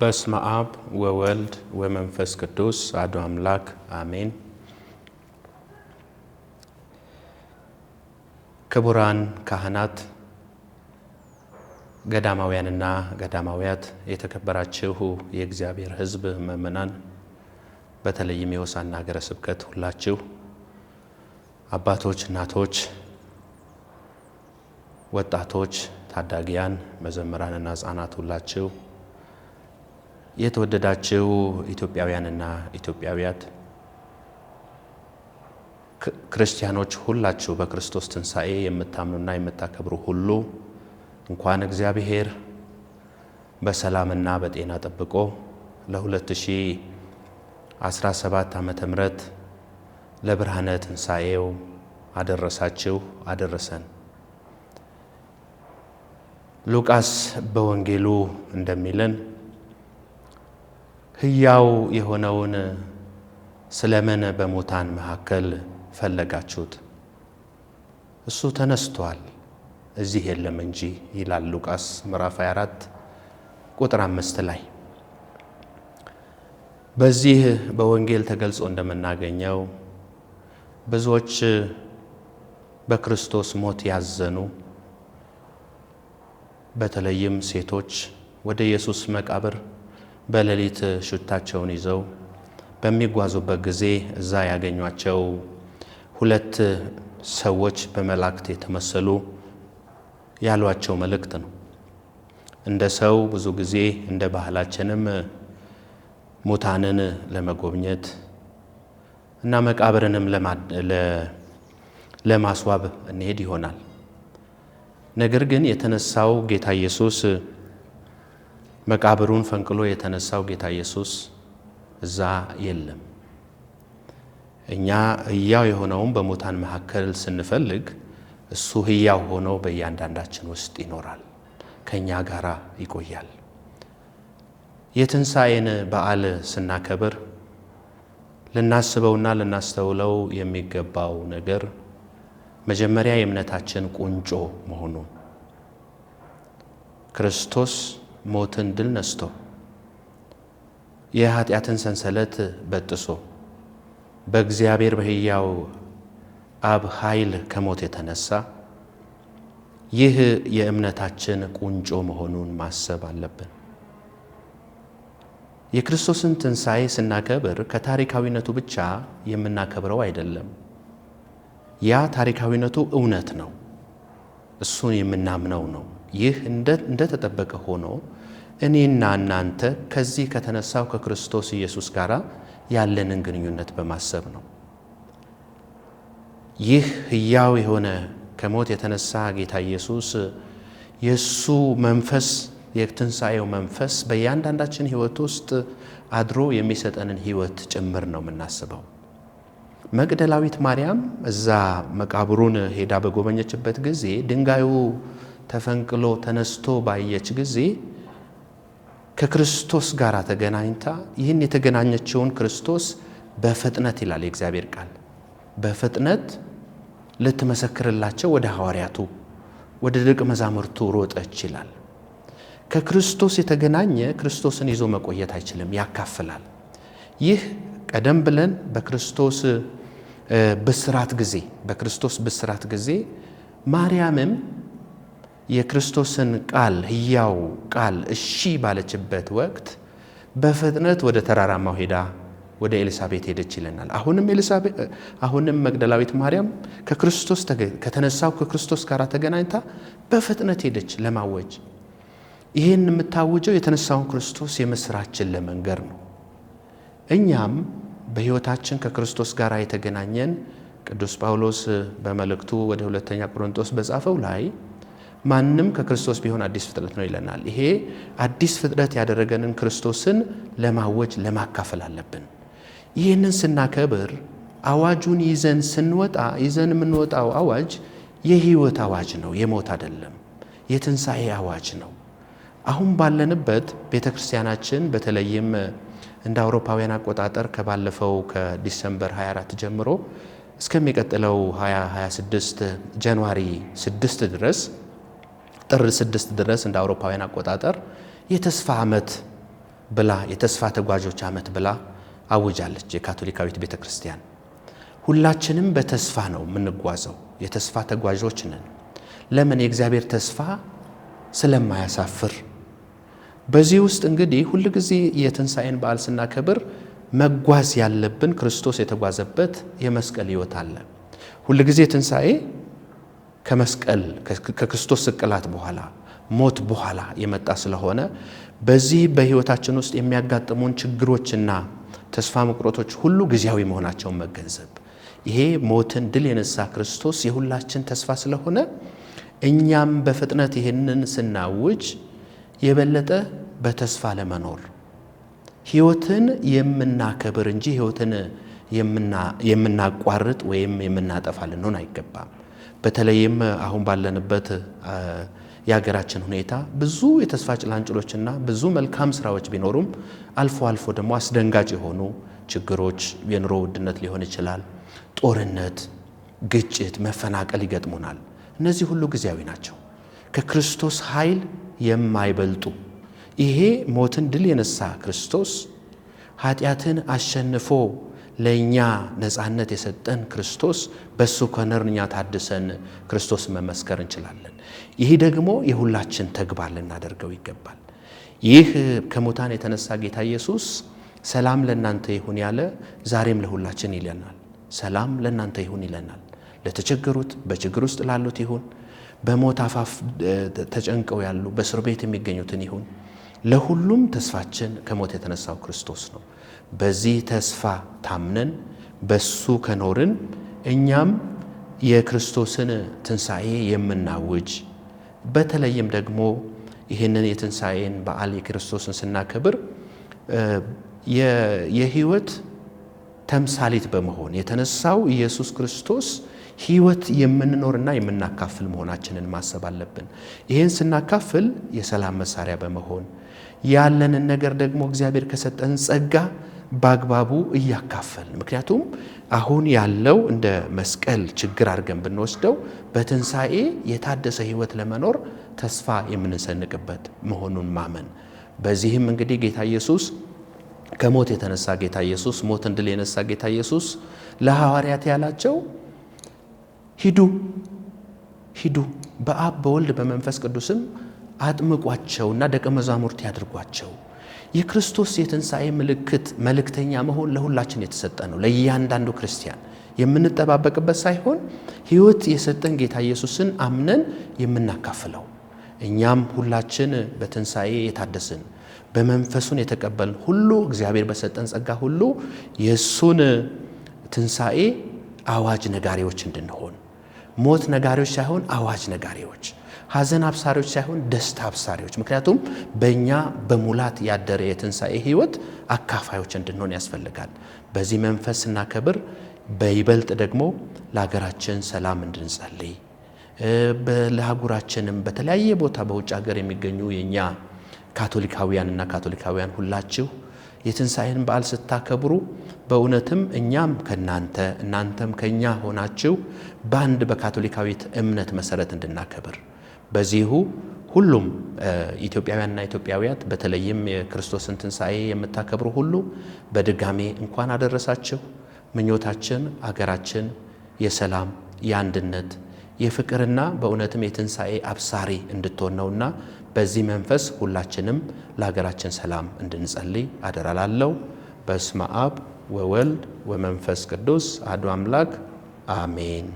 በስመ አብ ወወልድ ወመንፈስ ቅዱስ አሐዱ አምላክ አሜን። ክቡራን ካህናት፣ ገዳማውያንና ገዳማውያት፣ የተከበራችሁ የእግዚአብሔር ሕዝብ ምእመናን፣ በተለይም የሆሳዕና ሀገረ ስብከት ሁላችሁ አባቶች፣ እናቶች፣ ወጣቶች፣ ታዳጊያን፣ መዘምራንና ህጻናት ሁላችሁ የተወደዳችው ኢትዮጵያውያንና ኢትዮጵያውያት ክርስቲያኖች ሁላችሁ በክርስቶስ ትንሣኤ የምታምኑና የምታከብሩ ሁሉ እንኳን እግዚአብሔር በሰላምና በጤና ጠብቆ ለ2017 ዓ ም ለብርሃነ ትንሣኤው አደረሳችሁ አደረሰን። ሉቃስ በወንጌሉ እንደሚለን ሕያው የሆነውን ስለምን በሙታን መካከል ፈለጋችሁት? እሱ ተነስቷል እዚህ የለም እንጂ ይላል ሉቃስ ምዕራፍ 24 ቁጥር አምስት ላይ በዚህ በወንጌል ተገልጾ እንደምናገኘው ብዙዎች በክርስቶስ ሞት ያዘኑ በተለይም ሴቶች ወደ ኢየሱስ መቃብር በሌሊት ሽታቸውን ይዘው በሚጓዙበት ጊዜ እዛ ያገኟቸው ሁለት ሰዎች በመላእክት የተመሰሉ ያሏቸው መልእክት ነው። እንደ ሰው ብዙ ጊዜ እንደ ባህላችንም ሙታንን ለመጎብኘት እና መቃብርንም ለማስዋብ እንሄድ ይሆናል። ነገር ግን የተነሳው ጌታ ኢየሱስ መቃብሩን ፈንቅሎ የተነሳው ጌታ ኢየሱስ እዛ የለም። እኛ ህያው የሆነውን በሙታን መካከል ስንፈልግ እሱ ህያው ሆኖ በእያንዳንዳችን ውስጥ ይኖራል፣ ከእኛ ጋር ይቆያል። የትንሣኤን በዓል ስናከብር ልናስበውና ልናስተውለው የሚገባው ነገር መጀመሪያ የእምነታችን ቁንጮ መሆኑን ክርስቶስ ሞትን ድል ነስቶ የኃጢአትን ሰንሰለት በጥሶ በእግዚአብሔር በሕያው አብ ኃይል ከሞት የተነሳ ይህ የእምነታችን ቁንጮ መሆኑን ማሰብ አለብን። የክርስቶስን ትንሣኤ ስናከብር ከታሪካዊነቱ ብቻ የምናከብረው አይደለም። ያ ታሪካዊነቱ እውነት ነው፣ እሱን የምናምነው ነው። ይህ እንደተጠበቀ ሆኖ እኔና እናንተ ከዚህ ከተነሳው ከክርስቶስ ኢየሱስ ጋር ያለንን ግንኙነት በማሰብ ነው። ይህ ሕያው የሆነ ከሞት የተነሳ ጌታ ኢየሱስ የእሱ መንፈስ የትንሣኤው መንፈስ በእያንዳንዳችን ሕይወት ውስጥ አድሮ የሚሰጠንን ሕይወት ጭምር ነው የምናስበው። መግደላዊት ማርያም እዛ መቃብሩን ሄዳ በጎበኘችበት ጊዜ ድንጋዩ ተፈንቅሎ ተነስቶ ባየች ጊዜ ከክርስቶስ ጋር ተገናኝታ ይህን የተገናኘችውን ክርስቶስ በፍጥነት ይላል የእግዚአብሔር ቃል በፍጥነት ልትመሰክርላቸው ወደ ሐዋርያቱ ወደ ደቀ መዛሙርቱ ሮጠች ይላል። ከክርስቶስ የተገናኘ ክርስቶስን ይዞ መቆየት አይችልም፣ ያካፍላል። ይህ ቀደም ብለን በክርስቶስ ብስራት ጊዜ በክርስቶስ ብስራት ጊዜ ማርያምም የክርስቶስን ቃል ሕያው ቃል እሺ ባለችበት ወቅት በፍጥነት ወደ ተራራማው ሄዳ ወደ ኤልሳቤት ሄደች ይለናል። አሁንም ኤልሳቤት አሁንም መግደላዊት ማርያም ከክርስቶስ ከተነሳው ከክርስቶስ ጋር ተገናኝታ በፍጥነት ሄደች ለማወጅ። ይህን የምታውጀው የተነሳውን ክርስቶስ የምስራችን ለመንገር ነው። እኛም በሕይወታችን ከክርስቶስ ጋር የተገናኘን ቅዱስ ጳውሎስ በመልእክቱ ወደ ሁለተኛ ቆሮንቶስ በጻፈው ላይ ማንም ከክርስቶስ ቢሆን አዲስ ፍጥረት ነው ይለናል። ይሄ አዲስ ፍጥረት ያደረገንን ክርስቶስን ለማወጅ ለማካፈል አለብን። ይህንን ስናከብር አዋጁን ይዘን ስንወጣ ይዘን የምንወጣው አዋጅ የህይወት አዋጅ ነው፣ የሞት አይደለም። የትንሣኤ አዋጅ ነው። አሁን ባለንበት ቤተ ክርስቲያናችን በተለይም እንደ አውሮፓውያን አቆጣጠር ከባለፈው ከዲሰምበር 24 ጀምሮ እስከሚቀጥለው 2026 ጃንዋሪ 6 ድረስ ጥር ስድስት ድረስ እንደ አውሮፓውያን አቆጣጠር የተስፋ ዓመት ብላ የተስፋ ተጓዦች ዓመት ብላ አውጃለች የካቶሊካዊት ቤተ ክርስቲያን። ሁላችንም በተስፋ ነው የምንጓዘው፣ የተስፋ ተጓዦች ነን። ለምን? የእግዚአብሔር ተስፋ ስለማያሳፍር። በዚህ ውስጥ እንግዲህ ጊዜ የትንሣኤን በዓል ስናከብር መጓዝ ያለብን ክርስቶስ የተጓዘበት የመስቀል ሕይወት አለ። ጊዜ ትንሣኤ ከመስቀል ከክርስቶስ ስቅላት በኋላ ሞት በኋላ የመጣ ስለሆነ በዚህ በህይወታችን ውስጥ የሚያጋጥሙን ችግሮችና ተስፋ ምቁረቶች ሁሉ ጊዜያዊ መሆናቸውን መገንዘብ ይሄ ሞትን ድል የነሳ ክርስቶስ የሁላችን ተስፋ ስለሆነ እኛም በፍጥነት ይህንን ስናውጅ የበለጠ በተስፋ ለመኖር ህይወትን የምናከብር እንጂ ህይወትን የምናቋርጥ ወይም የምናጠፋ ልንሆን አይገባም። በተለይም አሁን ባለንበት የሀገራችን ሁኔታ ብዙ የተስፋ ጭላንጭሎችና ብዙ መልካም ስራዎች ቢኖሩም አልፎ አልፎ ደግሞ አስደንጋጭ የሆኑ ችግሮች የኑሮ ውድነት ሊሆን ይችላል፣ ጦርነት፣ ግጭት፣ መፈናቀል ይገጥሙናል። እነዚህ ሁሉ ጊዜያዊ ናቸው። ከክርስቶስ ኃይል የማይበልጡ ይሄ ሞትን ድል የነሳ ክርስቶስ ኃጢአትን አሸንፎ ለእኛ ነፃነት የሰጠን ክርስቶስ በእሱ ከነር እኛ ታድሰን ክርስቶስ መመስከር እንችላለን። ይህ ደግሞ የሁላችን ተግባር ልናደርገው ይገባል። ይህ ከሙታን የተነሳ ጌታ ኢየሱስ ሰላም ለእናንተ ይሁን ያለ ዛሬም ለሁላችን ይለናል። ሰላም ለእናንተ ይሁን ይለናል። ለተቸገሩት፣ በችግር ውስጥ ላሉት ይሁን፣ በሞት አፋፍ ተጨንቀው ያሉ፣ በእስር ቤት የሚገኙትን ይሁን፣ ለሁሉም ተስፋችን ከሞት የተነሳው ክርስቶስ ነው። በዚህ ተስፋ ታምነን በሱ ከኖርን እኛም የክርስቶስን ትንሣኤ የምናውጅ በተለይም ደግሞ ይህንን የትንሣኤን በዓል የክርስቶስን ስናከብር የህይወት ተምሳሌት በመሆን የተነሳው ኢየሱስ ክርስቶስ ህይወት የምንኖርና የምናካፍል መሆናችንን ማሰብ አለብን። ይህን ስናካፍል የሰላም መሳሪያ በመሆን ያለንን ነገር ደግሞ እግዚአብሔር ከሰጠን ጸጋ በአግባቡ እያካፈል ምክንያቱም አሁን ያለው እንደ መስቀል ችግር አድርገን ብንወስደው በትንሣኤ የታደሰ ህይወት ለመኖር ተስፋ የምንሰንቅበት መሆኑን ማመን። በዚህም እንግዲህ ጌታ ኢየሱስ ከሞት የተነሳ ጌታ ኢየሱስ ሞት እንድል የነሳ ጌታ ኢየሱስ ለሐዋርያት ያላቸው ሂዱ ሂዱ በአብ በወልድ በመንፈስ ቅዱስም አጥምቋቸውና ደቀ መዛሙርት ያድርጓቸው የክርስቶስ የትንሣኤ ምልክት መልእክተኛ መሆን ለሁላችን የተሰጠ ነው። ለእያንዳንዱ ክርስቲያን የምንጠባበቅበት ሳይሆን ሕይወት የሰጠን ጌታ ኢየሱስን አምነን የምናካፍለው እኛም ሁላችን በትንሣኤ የታደስን በመንፈሱን የተቀበልን ሁሉ እግዚአብሔር በሰጠን ጸጋ ሁሉ የእሱን ትንሣኤ አዋጅ ነጋሪዎች እንድንሆን ሞት ነጋሪዎች ሳይሆን አዋጅ ነጋሪዎች ሀዘን አብሳሪዎች ሳይሆን ደስታ አብሳሪዎች። ምክንያቱም በእኛ በሙላት ያደረ የትንሣኤ ሕይወት አካፋዮች እንድንሆን ያስፈልጋል። በዚህ መንፈስ ስናከብር በይበልጥ ደግሞ ለሀገራችን ሰላም እንድንጸልይ ለአህጉራችንም በተለያየ ቦታ በውጭ ሀገር የሚገኙ የእኛ ካቶሊካውያንና ካቶሊካውያን ሁላችሁ የትንሣኤን በዓል ስታከብሩ በእውነትም እኛም ከእናንተ እናንተም ከእኛ ሆናችሁ በአንድ በካቶሊካዊት እምነት መሰረት እንድናከብር በዚሁ ሁሉም ኢትዮጵያውያንና ኢትዮጵያውያት በተለይም የክርስቶስን ትንሣኤ የምታከብሩ ሁሉ በድጋሜ እንኳን አደረሳችሁ። ምኞታችን አገራችን የሰላም የአንድነት የፍቅርና በእውነትም የትንሣኤ አብሳሪ እንድትሆን ነውና በዚህ መንፈስ ሁላችንም ለሀገራችን ሰላም እንድንጸልይ አደራላለው። በስመ አብ ወወልድ ወመንፈስ ቅዱስ አሐዱ አምላክ አሜን።